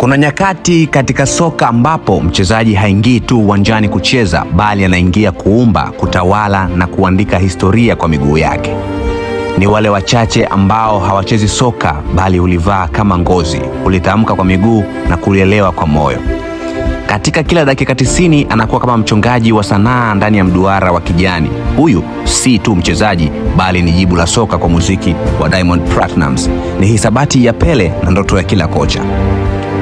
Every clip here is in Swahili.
Kuna nyakati katika soka ambapo mchezaji haingii tu uwanjani kucheza, bali anaingia kuumba, kutawala na kuandika historia kwa miguu yake. Ni wale wachache ambao hawachezi soka, bali hulivaa kama ngozi, hulitamka kwa miguu na kulielewa kwa moyo. Katika kila dakika tisini anakuwa kama mchongaji wa sanaa ndani ya mduara wa kijani. Huyu si tu mchezaji, bali ni jibu la soka kwa muziki wa Diamond Platnumz. Ni hisabati ya Pele na ndoto ya kila kocha.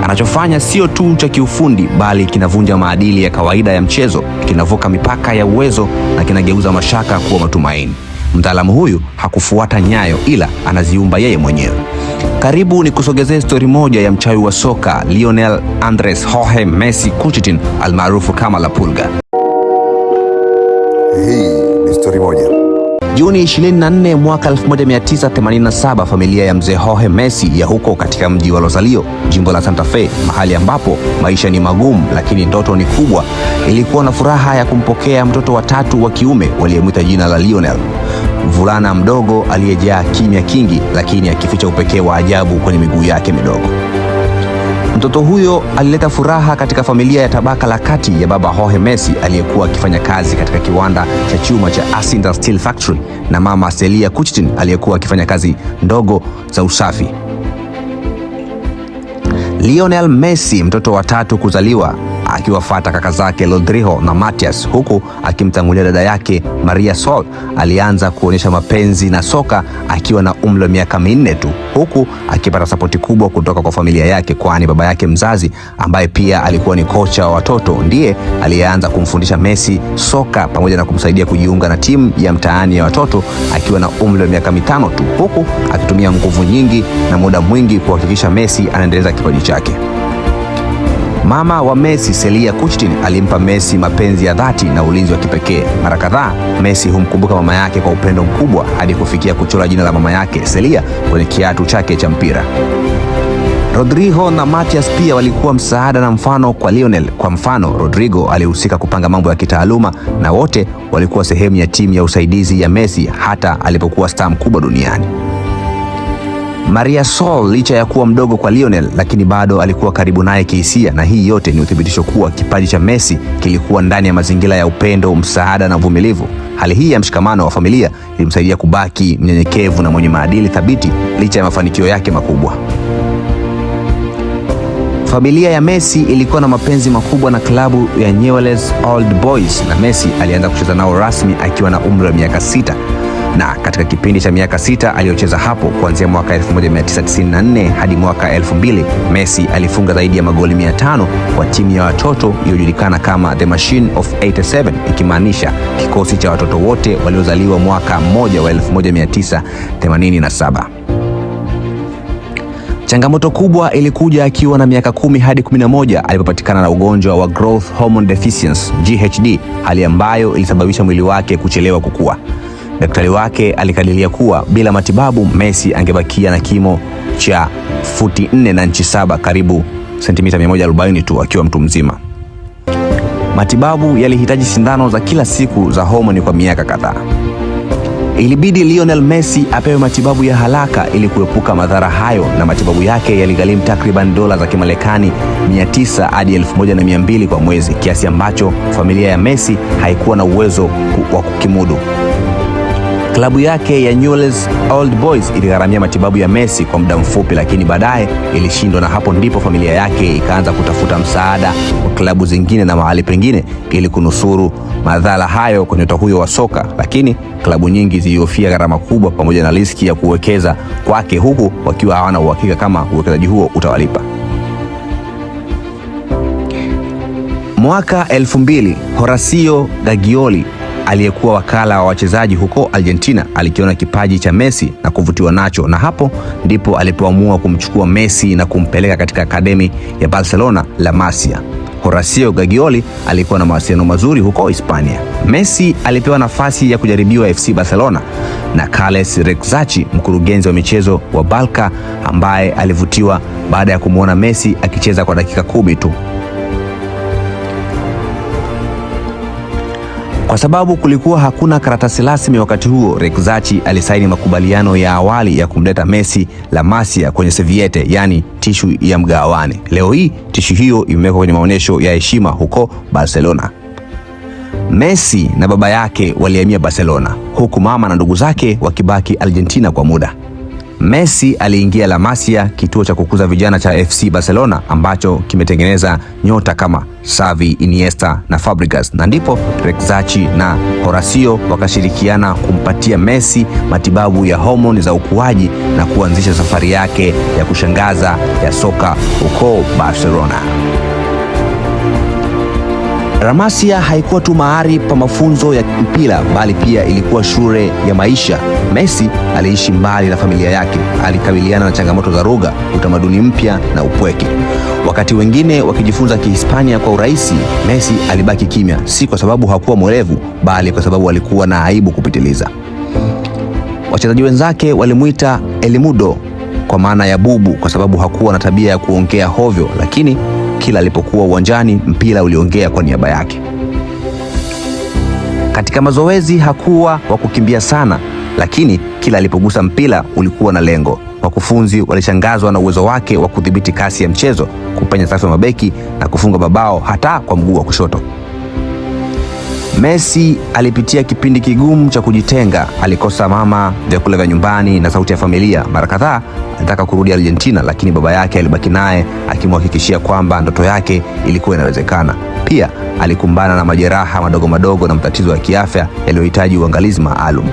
Anachofanya sio tu cha kiufundi, bali kinavunja maadili ya kawaida ya mchezo, kinavuka mipaka ya uwezo na kinageuza mashaka kuwa matumaini. Mtaalamu huyu hakufuata nyayo, ila anaziumba yeye mwenyewe. Karibu ni kusogezea stori moja ya mchawi wa soka Lionel Andres Jorge Messi Kuchitin almaarufu kama La Pulga. Hii ni stori moja Juni 24 mwaka 1987, familia ya mzee Jorge Messi ya huko katika mji wa Rosario, jimbo la Santa Fe, mahali ambapo maisha ni magumu lakini ndoto ni kubwa, ilikuwa na furaha ya kumpokea mtoto wa tatu wa kiume waliyemwita jina la Lionel, mvulana mdogo aliyejaa kimya kingi, lakini akificha upekee wa ajabu kwenye miguu yake midogo. Mtoto huyo alileta furaha katika familia ya tabaka la kati ya baba Jorge Messi aliyekuwa akifanya kazi katika kiwanda cha chuma cha Asinda Steel Factory na mama Celia Kuchtin aliyekuwa akifanya kazi ndogo za usafi. Lionel Messi, mtoto wa tatu kuzaliwa akiwafata kaka zake Rodrigo na Matias, huku akimtangulia dada yake Maria Sol. Alianza kuonyesha mapenzi na soka akiwa na umri wa miaka minne tu, huku akipata sapoti kubwa kutoka kwa familia yake, kwani baba yake mzazi ambaye pia alikuwa ni kocha wa watoto ndiye aliyeanza kumfundisha Messi soka pamoja na kumsaidia kujiunga na timu ya mtaani ya watoto akiwa na umri wa miaka mitano tu, huku akitumia nguvu nyingi na muda mwingi kuhakikisha Messi anaendeleza kipaji chake. Mama wa Messi Celia Kuchtin alimpa Messi mapenzi ya dhati na ulinzi wa kipekee. Mara kadhaa Messi humkumbuka mama yake kwa upendo mkubwa hadi kufikia kuchora jina la mama yake Celia kwenye kiatu chake cha mpira. Rodrigo na Matias pia walikuwa msaada na mfano kwa Lionel. Kwa mfano, Rodrigo alihusika kupanga mambo ya kitaaluma na wote walikuwa sehemu ya timu ya usaidizi ya Messi hata alipokuwa star mkubwa duniani. Maria Sol licha ya kuwa mdogo kwa Lionel, lakini bado alikuwa karibu naye kihisia, na hii yote ni uthibitisho kuwa kipaji cha Messi kilikuwa ndani ya mazingira ya upendo, msaada na uvumilivu. Hali hii ya mshikamano wa familia ilimsaidia kubaki mnyenyekevu na mwenye maadili thabiti licha ya mafanikio yake makubwa. Familia ya Messi ilikuwa na mapenzi makubwa na klabu ya Newell's Old Boys, na Messi alianza kucheza nao rasmi akiwa na umri wa miaka sita na katika kipindi cha miaka sita aliyocheza hapo kuanzia mwaka 1994 hadi mwaka 2000 Messi alifunga zaidi ya magoli 500 kwa timu ya watoto iliyojulikana kama The Machine of 87 ikimaanisha kikosi cha watoto wote waliozaliwa mwaka mmoja wa 1987. Changamoto kubwa ilikuja akiwa na miaka kumi hadi 11 alipopatikana na ugonjwa wa growth hormone deficiency GHD, hali ambayo ilisababisha mwili wake kuchelewa kukua. Daktari wake alikadiria kuwa bila matibabu Messi angebakia na kimo cha futi 4 na nchi saba, karibu sentimita 140 tu akiwa mtu mzima. Matibabu yalihitaji sindano za kila siku za homoni kwa miaka kadhaa. Ilibidi Lionel Messi apewe matibabu ya haraka ili kuepuka madhara hayo, na matibabu yake yaligharimu takriban dola za Kimarekani 900 hadi 1200 kwa mwezi, kiasi ambacho familia ya Messi haikuwa na uwezo wa kukimudu. Klabu yake ya Newell's Old Boys iligharamia matibabu ya Messi kwa muda mfupi, lakini baadaye ilishindwa, na hapo ndipo familia yake ikaanza kutafuta msaada kwa klabu zingine na mahali pengine ili kunusuru madhara hayo kwa nyota huyo wa soka, lakini klabu nyingi zilihofia gharama kubwa pamoja na riski ya kuwekeza kwake, huku wakiwa hawana uhakika kama uwekezaji huo utawalipa. Mwaka 2000 Horacio Gagioli aliyekuwa wakala wa wachezaji huko Argentina alikiona kipaji cha Messi na kuvutiwa nacho, na hapo ndipo alipoamua kumchukua Messi na kumpeleka katika akademi ya Barcelona La Masia. Horacio Gagioli alikuwa na mawasiliano mazuri huko Hispania. Messi alipewa nafasi ya kujaribiwa FC Barcelona na Carles Rexachi, mkurugenzi wa michezo wa balka ambaye alivutiwa baada ya kumwona Messi akicheza kwa dakika kumi tu. Kwa sababu kulikuwa hakuna karatasi rasmi wakati huo, Rekzachi alisaini makubaliano ya awali ya kumleta Messi La Masia kwenye Seviete, yani tishu ya mgawane. Leo hii tishu hiyo imewekwa kwenye maonyesho ya heshima huko Barcelona. Messi na baba yake walihamia Barcelona, huku mama na ndugu zake wakibaki Argentina kwa muda. Messi aliingia La Masia, kituo cha kukuza vijana cha FC Barcelona ambacho kimetengeneza nyota kama Xavi, Iniesta na Fabregas, na ndipo rexachi na Horacio wakashirikiana kumpatia Messi matibabu ya homoni za ukuaji na kuanzisha safari yake ya kushangaza ya soka huko Barcelona. Ramasia haikuwa tu mahali pa mafunzo ya mpira bali pia ilikuwa shule ya maisha. Messi aliishi mbali na familia yake, alikabiliana na changamoto za lugha, utamaduni mpya na upweke. Wakati wengine wakijifunza Kihispania kwa urahisi, Messi alibaki kimya, si kwa sababu hakuwa mwerevu, bali kwa sababu alikuwa na aibu kupitiliza. Wachezaji wenzake walimwita Elimudo, kwa maana ya bubu, kwa sababu hakuwa na tabia ya kuongea hovyo, lakini kila alipokuwa uwanjani, mpira uliongea kwa niaba yake. Katika mazoezi hakuwa wa kukimbia sana, lakini kila alipogusa mpira ulikuwa na lengo. Wakufunzi walishangazwa na uwezo wake wa kudhibiti kasi ya mchezo, kupenya safu ya mabeki na kufunga mabao hata kwa mguu wa kushoto. Messi alipitia kipindi kigumu cha kujitenga, alikosa mama, vyakula vya nyumbani na sauti ya familia. Mara kadhaa alitaka kurudi Argentina, lakini baba yake alibaki naye akimhakikishia kwamba ndoto yake ilikuwa inawezekana. Pia alikumbana na majeraha madogo madogo na matatizo ya kiafya yaliyohitaji uangalizi maalum.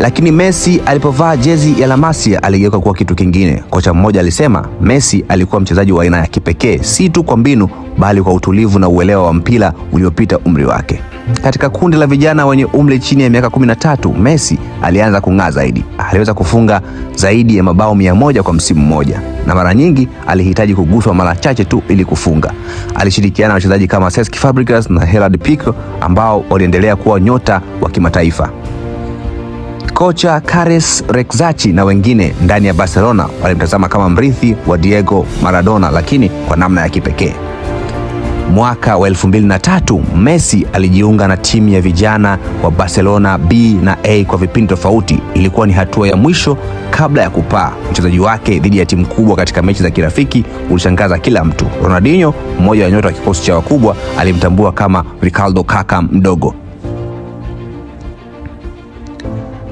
Lakini Messi alipovaa jezi ya La Masia aligeuka kuwa kitu kingine. Kocha mmoja alisema Messi alikuwa mchezaji wa aina ya kipekee, si tu kwa mbinu, bali kwa utulivu na uelewa wa mpira uliopita umri wake. Katika kundi la vijana wenye umri chini ya miaka 13, Messi alianza kung'aa zaidi. Aliweza kufunga zaidi ya mabao mia moja kwa msimu mmoja, na mara nyingi alihitaji kuguswa mara chache tu ili kufunga. Alishirikiana na wachezaji kama Cesc Fabregas na Gerard Pique ambao waliendelea kuwa nyota wa kimataifa. Kocha Carles Rekzachi na wengine ndani ya Barcelona walimtazama kama mrithi wa Diego Maradona, lakini kwa namna ya kipekee. Mwaka wa tatu Messi alijiunga na timu ya vijana wa Barcelona B na A kwa vipindi tofauti. Ilikuwa ni hatua ya mwisho kabla ya kupaa. Mchezaji wake dhidi ya timu kubwa katika mechi za kirafiki ulishangaza kila mtu. Ronaldinho, mmoja wa nyota wa kikosi cha wakubwa, alimtambua kama Ricardo kaka mdogo.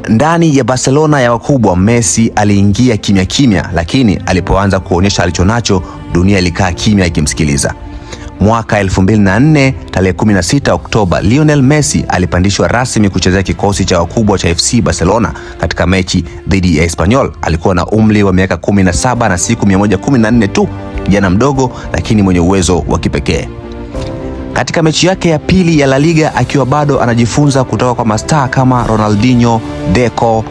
Ndani ya Barcelona ya wakubwa, Messi aliingia kimya kimya, lakini alipoanza kuonyesha alichonacho, dunia ilikaa kimya ikimsikiliza. Mwaka 2004 tarehe 16 Oktoba, Lionel Messi alipandishwa rasmi kuchezea kikosi cha wakubwa cha FC Barcelona katika mechi dhidi ya Espanyol. Alikuwa na umri wa miaka 17 na siku 114 tu, kijana mdogo lakini mwenye uwezo wa kipekee katika mechi yake ya pili ya La Liga akiwa bado anajifunza kutoka kwa mastaa kama Ronaldinho, Deco,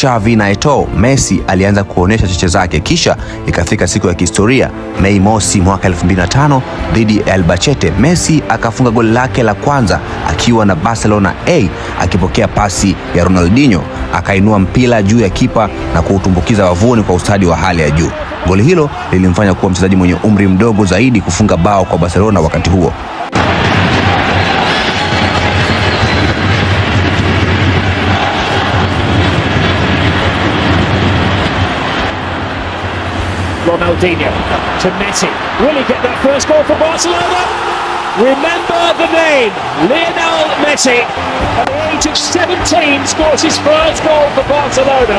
Xavi na Eto'o, Messi alianza kuonyesha cheche zake, kisha ikafika siku ya kihistoria Mei Mosi mwaka 2005 dhidi ya Albacete. Messi akafunga goli lake la kwanza akiwa na Barcelona A akipokea pasi ya Ronaldinho, akainua mpira juu ya kipa na kuutumbukiza wavuni kwa ustadi wa hali ya juu. Goli hilo lilimfanya kuwa mchezaji mwenye umri mdogo zaidi kufunga bao kwa Barcelona wakati huo. Ronaldinho to Messi. Will he get that first goal for Barcelona? Remember the name, Lionel Messi. At the age of 17, scores his first goal for Barcelona.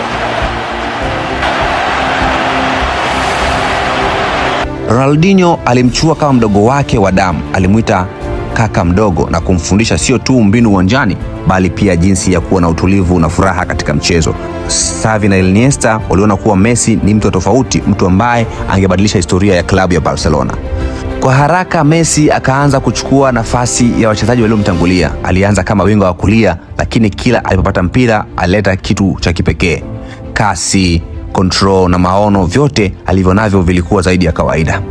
Ronaldinho alimchua kama mdogo wake wa damu, alimwita kaka mdogo na kumfundisha sio tu mbinu uwanjani bali pia jinsi ya kuwa na utulivu na furaha katika mchezo. Xavi na Iniesta waliona kuwa Messi ni mtu tofauti, mtu ambaye angebadilisha historia ya klabu ya Barcelona. Kwa haraka Messi akaanza kuchukua nafasi ya wachezaji waliomtangulia. Alianza kama winga wa kulia, lakini kila alipopata mpira alileta kitu cha kipekee. Kasi, control na maono, vyote alivyo navyo vilikuwa zaidi ya kawaida.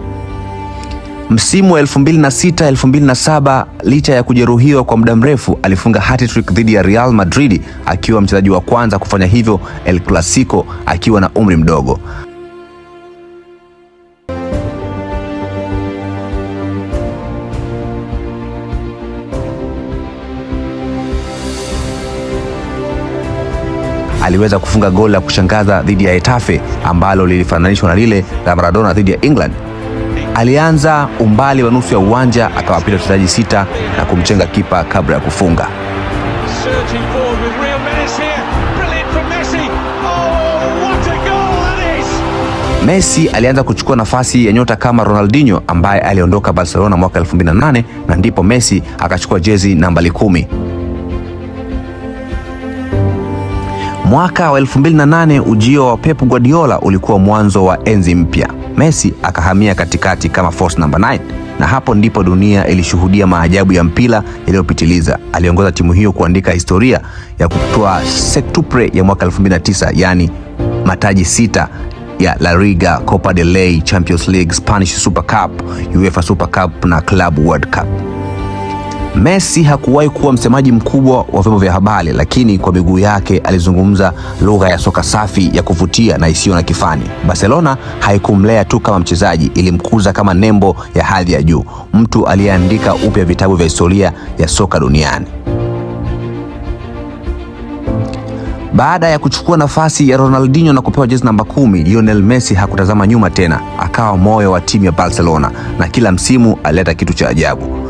Msimu wa 2006 2007, licha ya kujeruhiwa kwa muda mrefu, alifunga hat-trick dhidi ya Real Madrid akiwa mchezaji wa kwanza kufanya hivyo El Clasico akiwa na umri mdogo. aliweza kufunga goli la kushangaza dhidi ya etafe ambalo lilifananishwa na lile la Maradona dhidi ya England. Alianza umbali wa nusu ya uwanja akawapita wachezaji sita na kumchenga kipa kabla ya kufunga. Oh, Messi alianza kuchukua nafasi ya nyota kama Ronaldinho ambaye aliondoka Barcelona mwaka 2008 na ndipo Messi akachukua jezi nambari kumi. Mwaka wa 2008 ujio wa Pep Guardiola ulikuwa mwanzo wa enzi mpya. Messi akahamia katikati kama force number 9 na hapo ndipo dunia ilishuhudia maajabu ya mpira yaliyopitiliza. Aliongoza timu hiyo kuandika historia ya kutoa setupre ya mwaka 2009, yani mataji sita ya La Liga, Copa del Rey, Champions League, Spanish Super Cup, UEFA Super Cup na Club World Cup. Messi hakuwahi kuwa msemaji mkubwa wa vyombo vya habari, lakini kwa miguu yake alizungumza lugha ya soka safi ya kuvutia na isiyo na kifani. Barcelona haikumlea tu kama mchezaji, ilimkuza kama nembo ya hadhi ya juu, mtu aliyeandika upya vitabu vya historia ya soka duniani. Baada ya kuchukua nafasi ya Ronaldinho na kupewa jezi namba kumi, Lionel Messi hakutazama nyuma tena. Akawa moyo wa timu ya Barcelona na kila msimu alileta kitu cha ajabu.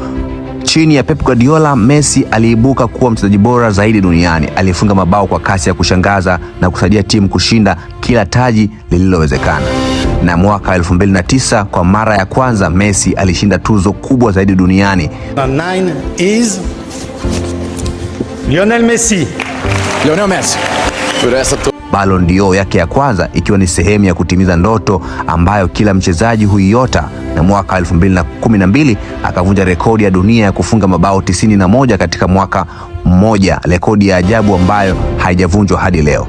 Chini ya Pep Guardiola, Messi aliibuka kuwa mchezaji bora zaidi duniani. Alifunga mabao kwa kasi ya kushangaza na kusaidia timu kushinda kila taji lililowezekana. Na mwaka 2009 kwa mara ya kwanza Messi alishinda tuzo kubwa zaidi duniani. Is Lionel Messi. Lionel Messi. Ballon d'Or yake ya kwanza ikiwa ni sehemu ya kutimiza ndoto ambayo kila mchezaji huiota na mwaka 2012 akavunja rekodi ya dunia ya kufunga mabao 91 katika mwaka mmoja, rekodi ya ajabu ambayo haijavunjwa hadi leo.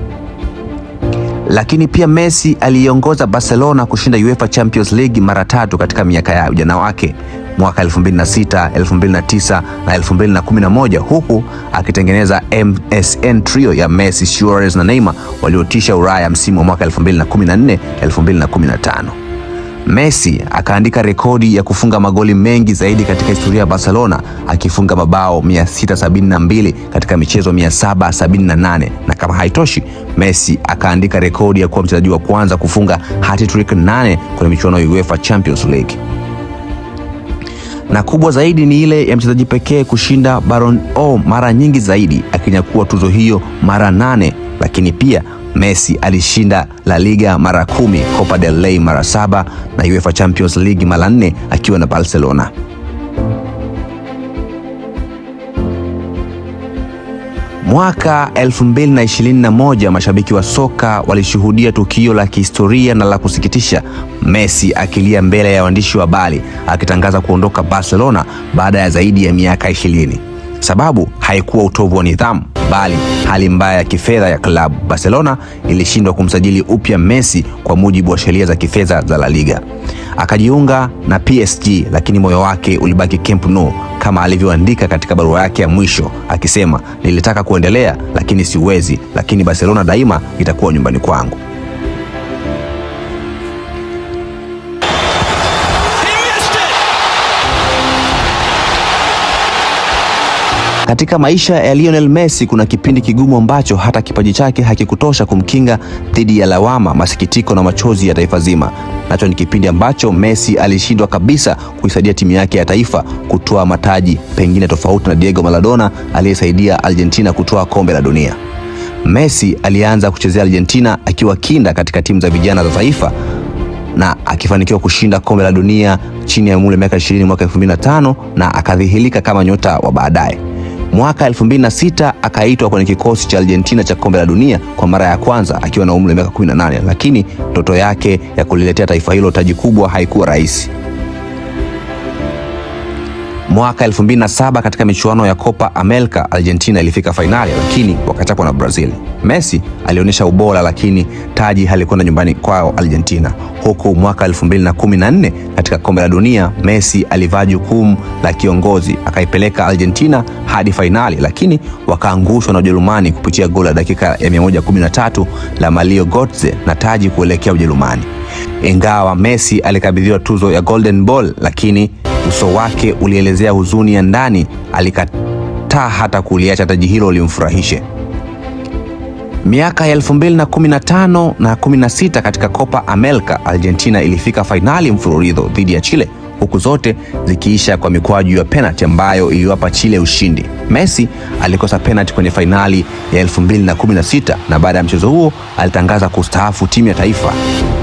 Lakini pia Messi aliongoza Barcelona kushinda UEFA Champions League mara tatu katika miaka ya ujana wake mwaka 2006, 2009 na 2011, huku akitengeneza MSN trio ya Messi, Suarez na Neymar waliotisha Ulaya msimu wa mwaka 2014, 2015. Messi akaandika rekodi ya kufunga magoli mengi zaidi katika historia ya Barcelona akifunga mabao 672 katika michezo 778, na kama haitoshi, Messi akaandika rekodi ya kuwa mchezaji wa kwanza kufunga hat-trick 8 kwenye michuano ya UEFA Champions League na kubwa zaidi ni ile ya mchezaji pekee kushinda Ballon d'Or mara nyingi zaidi akinyakua tuzo hiyo mara nane, lakini pia Messi alishinda La Liga mara kumi, Copa del Rey mara saba na UEFA Champions League mara nne akiwa na Barcelona. Mwaka 2021 mashabiki wa soka walishuhudia tukio la kihistoria na la kusikitisha, Messi akilia mbele ya waandishi wa habari akitangaza kuondoka Barcelona baada ya zaidi ya miaka 20. Sababu haikuwa utovu wa nidhamu mbali hali mbaya ya kifedha ya klabu. Barcelona ilishindwa kumsajili upya Messi kwa mujibu wa sheria za kifedha za La Liga. Akajiunga na PSG, lakini moyo wake ulibaki Camp Nou, kama alivyoandika katika barua yake ya mwisho akisema, nilitaka kuendelea lakini siwezi, lakini Barcelona daima itakuwa nyumbani kwangu. Katika maisha ya Lionel Messi kuna kipindi kigumu ambacho hata kipaji chake hakikutosha kumkinga dhidi ya lawama, masikitiko na machozi ya taifa zima. Nacho ni kipindi ambacho Messi alishindwa kabisa kuisaidia timu yake ya taifa kutoa mataji, pengine tofauti na Diego Maradona aliyesaidia Argentina kutoa kombe la dunia. Messi alianza kuchezea Argentina akiwa kinda katika timu za vijana za taifa na akifanikiwa kushinda kombe la dunia chini ya mule miaka 20 mwaka 2005 na akadhihirika kama nyota wa baadaye. Mwaka 2006 akaitwa kwenye kikosi cha Argentina cha kombe la dunia kwa mara ya kwanza akiwa na umri wa miaka 18, lakini ndoto yake ya kuliletea taifa hilo taji kubwa haikuwa rahisi. Mwaka 2007 katika michuano ya Copa America, Argentina ilifika fainali lakini wakachapwa na Brazil. Messi alionyesha ubora lakini taji halikwenda nyumbani kwao Argentina. Huku mwaka 2014 katika kombe la dunia, Messi alivaa jukumu la kiongozi, akaipeleka Argentina hadi fainali, lakini wakaangushwa na Ujerumani kupitia goli la dakika ya 113 la Mario Gotze na taji kuelekea Ujerumani. Ingawa Messi alikabidhiwa tuzo ya Golden Ball, lakini Uso wake ulielezea huzuni ya ndani, alikataa hata kuliacha taji hilo limfurahishe. Miaka ya 2015 na 16 katika Copa America, Argentina ilifika fainali mfululizo dhidi ya Chile huku zote zikiisha kwa mikwaju ya penalti ambayo iliwapa Chile ushindi. Messi alikosa penalti kwenye fainali ya 2016 na baada ya mchezo huo alitangaza kustaafu timu ya taifa.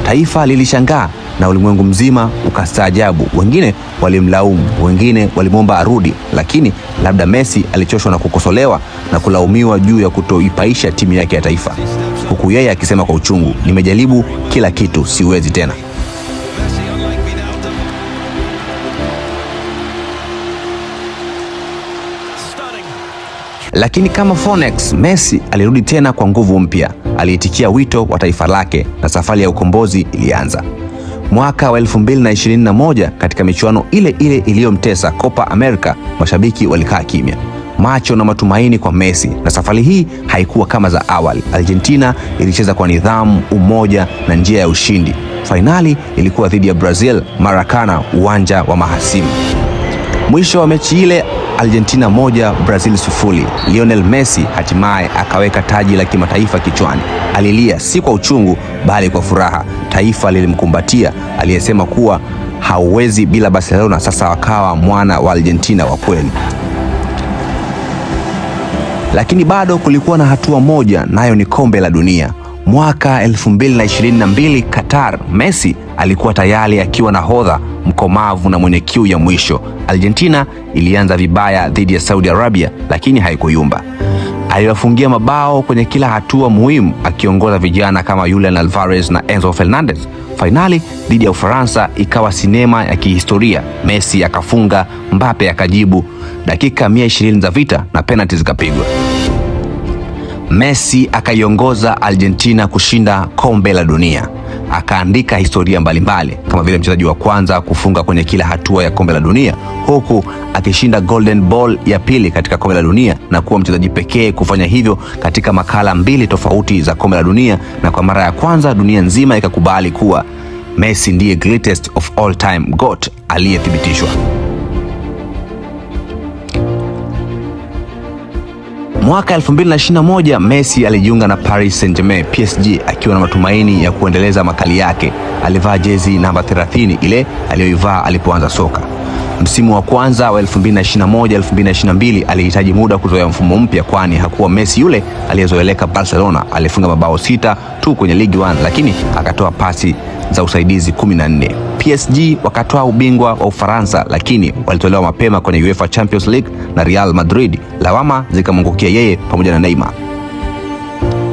Taifa lilishangaa na ulimwengu mzima ukastaajabu. Wengine walimlaumu, wengine walimwomba arudi, lakini labda Messi alichoshwa na kukosolewa na kulaumiwa juu ya kutoipaisha timu yake ya taifa, huku yeye akisema kwa uchungu, nimejaribu kila kitu, siwezi tena. Lakini kama Phoenix, Messi alirudi tena kwa nguvu mpya. Aliitikia wito wa taifa lake na safari ya ukombozi ilianza. Mwaka wa 2021 katika michuano ile ile iliyomtesa Copa America, mashabiki walikaa kimya, macho na matumaini kwa Messi. Na safari hii haikuwa kama za awali. Argentina ilicheza kwa nidhamu, umoja na njia ya ushindi. Fainali ilikuwa dhidi ya Brazil, Marakana, uwanja wa mahasimu. Mwisho wa mechi ile Argentina moja Brazil sufuri. Lionel Messi hatimaye akaweka taji la kimataifa kichwani. Alilia si kwa uchungu, bali kwa furaha. Taifa lilimkumbatia, aliyesema kuwa hauwezi bila Barcelona. Sasa wakawa mwana wa Argentina wa kweli. Lakini bado kulikuwa na hatua moja, nayo ni kombe la dunia. Mwaka 2022 Qatar, Messi alikuwa tayari akiwa nahodha mkomavu na mwenye kiu ya mwisho. Argentina ilianza vibaya dhidi ya Saudi Arabia, lakini haikuyumba. Aliwafungia mabao kwenye kila hatua muhimu, akiongoza vijana kama Julian Alvarez na Enzo Fernandez. Fainali dhidi ya Ufaransa ikawa sinema ya kihistoria. Messi akafunga, Mbappe akajibu, dakika 120 za vita na penalti zikapigwa. Messi akaiongoza Argentina kushinda kombe la dunia akaandika historia mbalimbali mbali, kama vile mchezaji wa kwanza kufunga kwenye kila hatua ya kombe la dunia huku akishinda Golden Ball ya pili katika kombe la dunia na kuwa mchezaji pekee kufanya hivyo katika makala mbili tofauti za kombe la dunia, na kwa mara ya kwanza dunia nzima ikakubali kuwa Messi ndiye greatest of all time GOAT aliyethibitishwa. Mwaka 2021 Messi alijiunga na Paris Saint-Germain PSG akiwa na matumaini ya kuendeleza makali yake. Alivaa jezi namba 30 ile aliyoivaa alipoanza soka. Msimu wa kwanza wa 2021-2022 alihitaji muda kuzoea mfumo mpya, kwani hakuwa Messi yule aliyezoeleka Barcelona. Alifunga mabao sita tu kwenye Ligue 1 lakini akatoa pasi za usaidizi 14. PSG wakatoa ubingwa wa Ufaransa, lakini walitolewa mapema kwenye UEFA Champions League na Real Madrid, lawama zikamwangukia yeye pamoja na Neymar.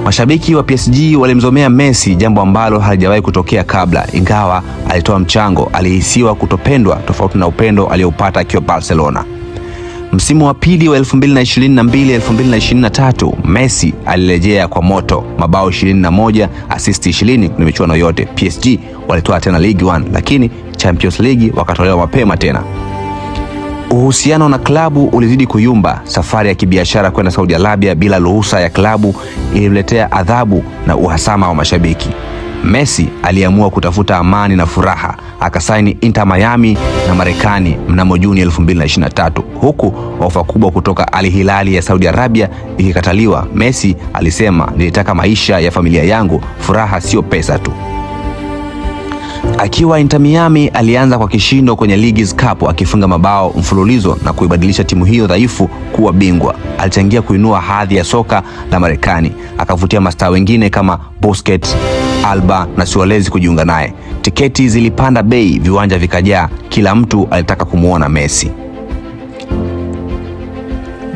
Mashabiki wa PSG walimzomea Messi, jambo ambalo halijawahi kutokea kabla. Ingawa alitoa mchango, alihisiwa kutopendwa, tofauti na upendo aliopata akiwa Barcelona. Msimu wa pili wa 2022 2023 Messi alirejea kwa moto, mabao 21, assist 20 kwenye michuano yote. PSG walitoa tena League 1, lakini Champions League wakatolewa mapema tena. Uhusiano na klabu ulizidi kuyumba. Safari ya kibiashara kwenda Saudi Arabia bila ruhusa ya klabu ilimletea adhabu na uhasama wa mashabiki. Messi aliamua kutafuta amani na furaha, akasaini Inter Miami na Marekani mnamo Juni 2023, huku ofa kubwa kutoka Al Hilali ya Saudi Arabia ikikataliwa. Messi alisema, nilitaka maisha ya familia yangu, furaha sio pesa tu. Akiwa Inter Miami, alianza kwa kishindo kwenye Leagues Cup akifunga mabao mfululizo na kuibadilisha timu hiyo dhaifu kuwa bingwa. Alichangia kuinua hadhi ya soka la Marekani, akavutia mastaa wengine kama Busquets, Alba na Suarez kujiunga naye. Tiketi zilipanda bei, viwanja vikajaa, kila mtu alitaka kumwona Messi.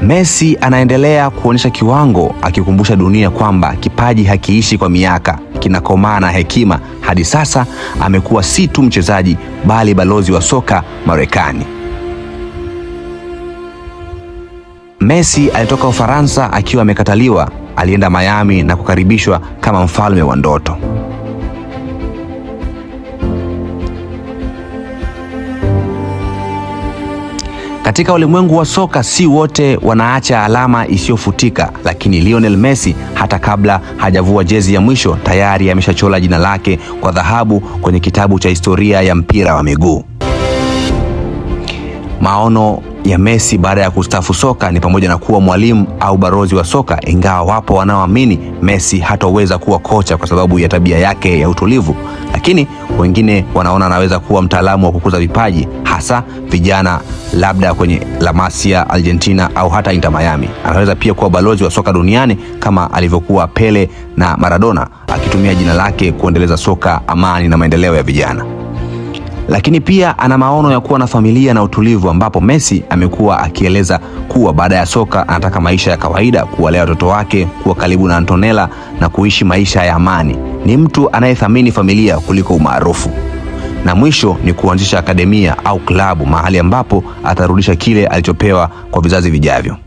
Messi anaendelea kuonyesha kiwango, akikumbusha dunia kwamba kipaji hakiishi kwa miaka, kinakomaa na hekima. Hadi sasa amekuwa si tu mchezaji, bali balozi wa soka Marekani. Messi alitoka Ufaransa akiwa amekataliwa, alienda Miami na kukaribishwa kama mfalme wa ndoto. Katika ulimwengu wa soka, si wote wanaacha alama isiyofutika, lakini Lionel Messi hata kabla hajavua jezi ya mwisho tayari ameshachola jina lake kwa dhahabu kwenye kitabu cha historia ya mpira wa miguu. Maono ya Messi baada ya kustaafu soka ni pamoja na kuwa mwalimu au barozi wa soka, ingawa wapo wanaoamini Messi hatoweza kuwa kocha kwa sababu ya tabia yake ya utulivu. Lakini wengine wanaona anaweza kuwa mtaalamu wa kukuza vipaji hasa vijana, labda kwenye La Masia Argentina au hata Inter Miami. Anaweza pia kuwa balozi wa soka duniani kama alivyokuwa Pele na Maradona, akitumia jina lake kuendeleza soka, amani na maendeleo ya vijana lakini pia ana maono ya kuwa na familia na utulivu, ambapo Messi amekuwa akieleza kuwa baada ya soka anataka maisha ya kawaida, kuwalea watoto wake, kuwa karibu na Antonella na kuishi maisha ya amani ni mtu anayethamini familia kuliko umaarufu, na mwisho ni kuanzisha akademia au klabu, mahali ambapo atarudisha kile alichopewa kwa vizazi vijavyo.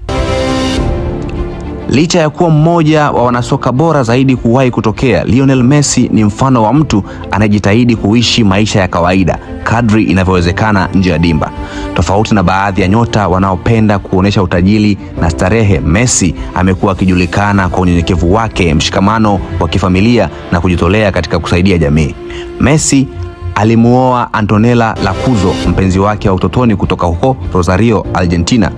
Licha ya kuwa mmoja wa wanasoka bora zaidi kuwahi kutokea, Lionel Messi ni mfano wa mtu anayejitahidi kuishi maisha ya kawaida kadri inavyowezekana nje ya dimba. Tofauti na baadhi ya nyota wanaopenda kuonyesha utajiri na starehe, Messi amekuwa akijulikana kwa unyenyekevu wake, mshikamano wa kifamilia na kujitolea katika kusaidia jamii. Messi alimuoa Antonella Lacuzzo, mpenzi wake wa utotoni kutoka huko Rosario, Argentina,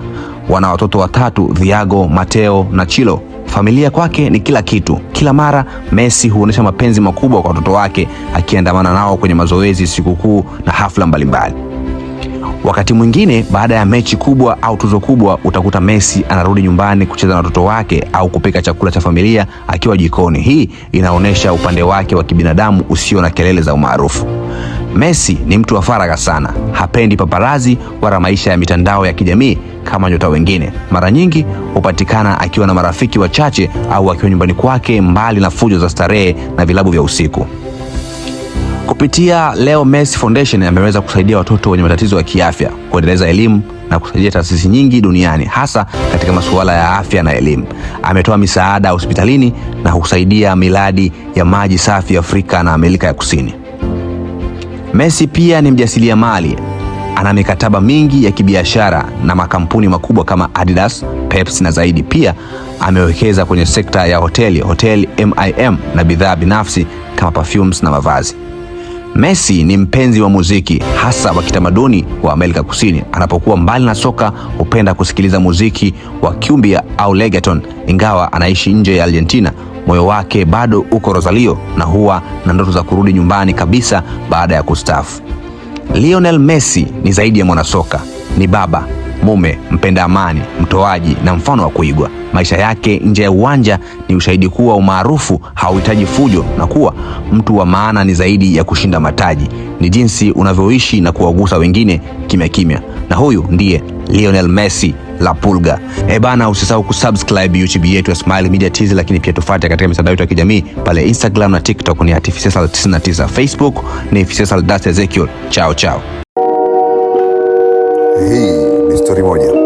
wana watoto watatu, Thiago, Mateo na Chilo. Familia kwake ni kila kitu. Kila mara Messi huonyesha mapenzi makubwa kwa watoto wake, akiandamana nao kwenye mazoezi, sikukuu na hafla mbalimbali. Wakati mwingine baada ya mechi kubwa au tuzo kubwa, utakuta Messi anarudi nyumbani kucheza na watoto wake au kupika chakula cha familia akiwa jikoni. Hii inaonyesha upande wake wa kibinadamu usio na kelele za umaarufu. Messi ni mtu wa faragha sana, hapendi paparazi wala maisha ya mitandao ya kijamii kama nyota wengine. Mara nyingi hupatikana akiwa na marafiki wachache au akiwa nyumbani kwake, mbali na fujo za starehe na vilabu vya usiku. Kupitia Leo Messi Foundation ameweza kusaidia watoto wenye matatizo ya kiafya, kuendeleza elimu na kusaidia taasisi nyingi duniani hasa katika masuala ya afya na elimu. Ametoa misaada hospitalini na husaidia miradi ya maji safi Afrika na Amerika ya Kusini. Messi pia ni mjasiriamali ana mikataba mingi ya kibiashara na makampuni makubwa kama Adidas, Pepsi na zaidi. Pia amewekeza kwenye sekta ya hoteli, hoteli MIM na bidhaa binafsi kama perfumes na mavazi. Messi ni mpenzi wa muziki hasa wa kitamaduni wa Amerika Kusini. Anapokuwa mbali na soka, hupenda kusikiliza muziki wa cumbia au legaton Ingawa anaishi nje ya Argentina, moyo wake bado uko Rosario na huwa na ndoto za kurudi nyumbani kabisa baada ya kustaafu. Lionel Messi ni zaidi ya mwanasoka, ni baba, mume, mpenda amani, mtoaji na mfano wa kuigwa. Maisha yake nje ya uwanja ni ushahidi kuwa umaarufu hauhitaji fujo na kuwa mtu wa maana ni zaidi ya kushinda mataji, ni jinsi unavyoishi na kuwagusa wengine kimya kimya. Na huyu ndiye Lionel Messi la Pulga. E bana, usisahau kusubscribe YouTube yetu ya Smile Media TZ, lakini pia tufuate katika mitandao yetu ya kijamii pale Instagram na TikTok ni Artificial 99 Facebook ni Ezekiel. Chao chao. Hii ni story moja.